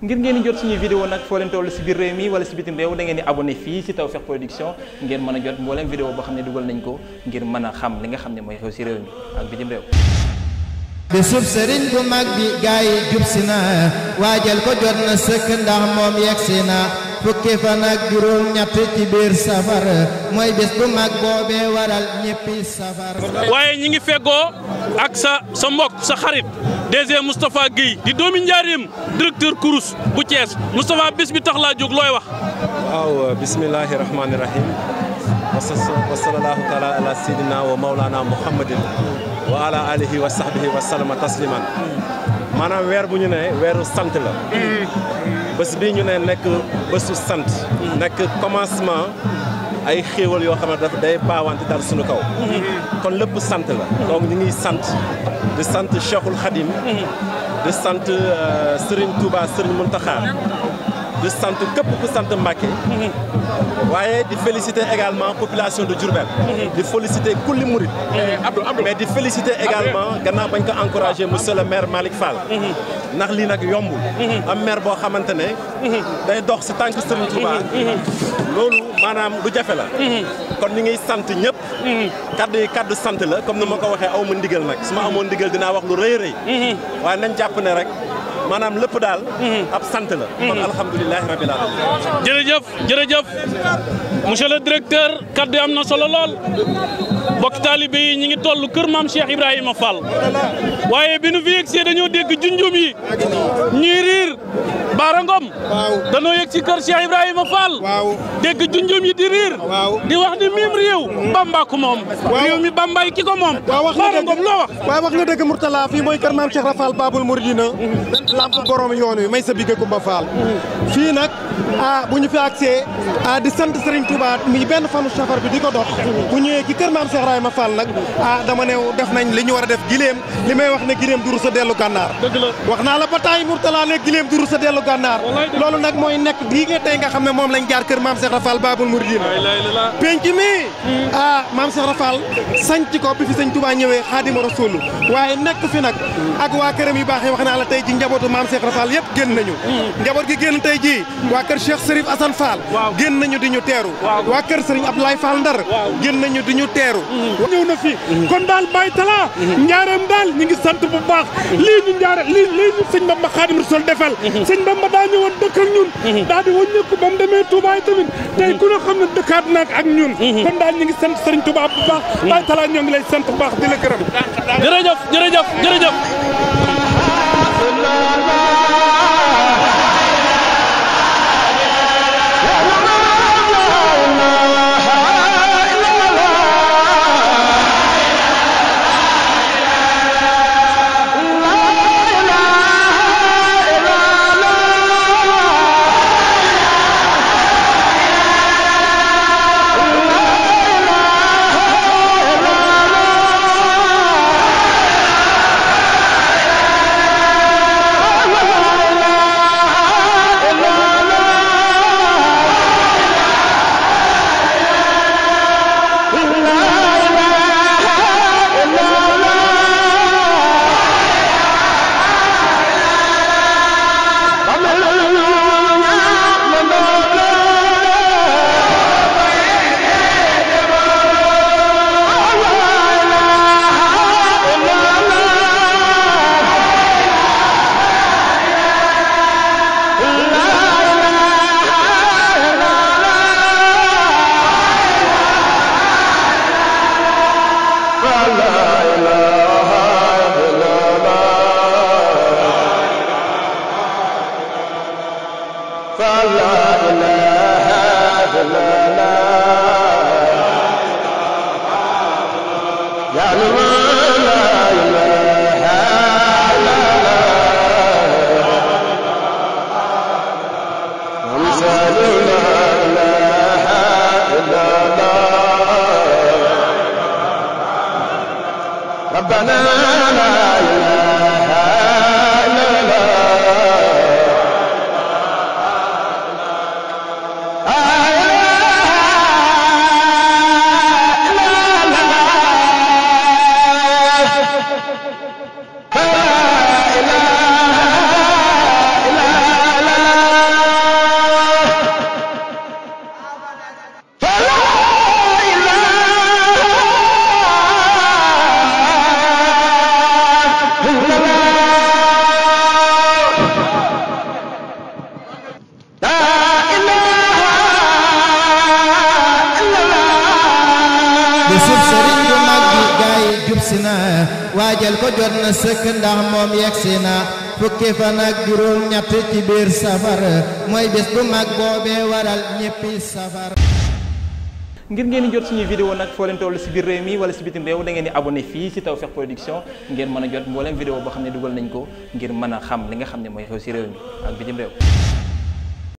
ngir ngeen di jot suñuy vidéo nag foo leen toll si biir réew mi wala si bitim réew da ngeen di abonné fii si Tawfekh Production ngeen mën a jot mbooleem vidéo boo xam ne dugal nañ ko ngir mën a xam li nga xam ne mooy xew si réew mi ak bitim réew bi suuf sëriñ bu mag bi gaay yi jub si na waajal ko jot na sëkk ndax moom yegsi na fukki fan ak juróom ñett ci biir safar mooy bés bu mag boobee waral ñëppi safar waaye ñi ngi feggoo ak sa sa mbokk sa xarit DG Moustapha Guèye di doomi njaareem directeur Kourous bu Thiès Moustapha bis bi tax laa jóg looy wax. waaw bismillahi rahmaani rahim wa sallallahu taala ala sayidina wa maulana muhammadin wa ala alihi wa sahbihi wa salama tasliman maanaam weer bu ñu ne weeru sant la mm. bés bii ñu ne nekk bésu sant nekk commencement ay xéewal yoo xam ne daf day baawante dal suñu kaw kon lépp sant la donc ñu ngiy sant di sant Cheikhul Khadim mm-hmm. di sant euh, Serigne Touba Serigne Mountakha di sant képp ku sant Mbacké waaye di féliciter également population de Diourbel di féliciter kulli murid mais di féliciter également gannaaw bañ ko encourager monsieur le maire Malick Fall ndax lii nag yombul am maire boo xamante ne day dox si tànk Serigne Touba loolu maanaam du jafe la kon ñu ngi sant ñëpp kaddu yi kaddu sant la comme ni ma ko waxee aw ma ndigal nag su ma amoon ndigal dinaa wax lu rëy rëy waaye nañ jàpp ne rek maanaam lépp daal. ab sant la. Mhm. kon alhamdulilah rabil jërëjëf jërëjëf monsieur le directeur kaddu am na solo lool mbokk taalibe yi ñu ngi toll kër maam Cheikh Ibrahima Fall waaye bi nu fi yegsee dañoo dégg junjum yi ñuy riir. Baara Ngom. waaw danoo yëg ci kër Cheikh Ibrahima Fall. waaw dégg junjum yi di riir. waaw di wax ni miim réew. Mm. Bamba ku moom. waaw réew mi Bambay ki ko moom. waaw wax nga dëgg Baara Ngom loo wax. waaw wax nga dëgg Mourtala fii mooy kër maam Cheikh Rafal Babul Mouridina. Mm-hmm. lamp borom yoon wi may sa bigge Kumba Fall. Mm-hmm. fii nag ah bu ñu fi accès ah, di sant Serigne Touba mi benn fanu safar bi di ko dox. Mm-hmm. bu ñëwee ci kër maam Cheikh Ibrahima Fall nag ah dama ne def nañ li ñu war a def gileem li may wax ne gileem duru sa dellu gànnaar. gànnaar loolu nag mooy nekk lii nga tey nga xam ne moom lañ jaar kër maam Cheikh Rafal Babul Mouridine penc mi hmm. ah maam Cheikh Rafal sanc ko bi fi sëñ Touba ñëwee xaadima rasul waaye nekk fi nag ak waa këram yu baax yi wax naa la tey ji njabootu maam Cheikh Rafal yëpp génn nañu hmm. njaboot gi génn tey ji waa kër Cheikh Serif Assane Fall génn nañu di ñu teeru waa kër Serigne Abdoulaye Fall Ndar génn nañu di ñu teeru hmm. ñëw na fi kon daal Baye Talla njaareem daal ñu ngi sant bu baax lii ñu njaare lii lii ñu sëñ Bamba Xaadimu Rasul defal sëñ Bamba daa ñëwoon dëkk ak ñun daal di wàññeeku ba mu demee Touba tamit tey ku ne xam ne dëkkaat naag ak ñun kon daal ñu ngi sant Serigne Touba baax Baye Talla ñoo ngi lay sant bu baax di la gërëm jërëjëf jërëjëf jërëjëf ربنا لا yegsi na waajal ko jot na sëkk ndax moom yegsi na fukki fan ak juróom ñett ci biir safar mooy bés bu mag boobee waral ñéppi safar ngir ngeen jot suñuy vidéo nag foo leen toll si biir réew mi wala si bitim réew da ngeen di abonné fii si Tawfekh Production ngeen mën a jot mbooleem vidéo boo xam ne dugal nañ ko ngir mëna xam li nga xam ne mooy xew si réew mi ak bitim réew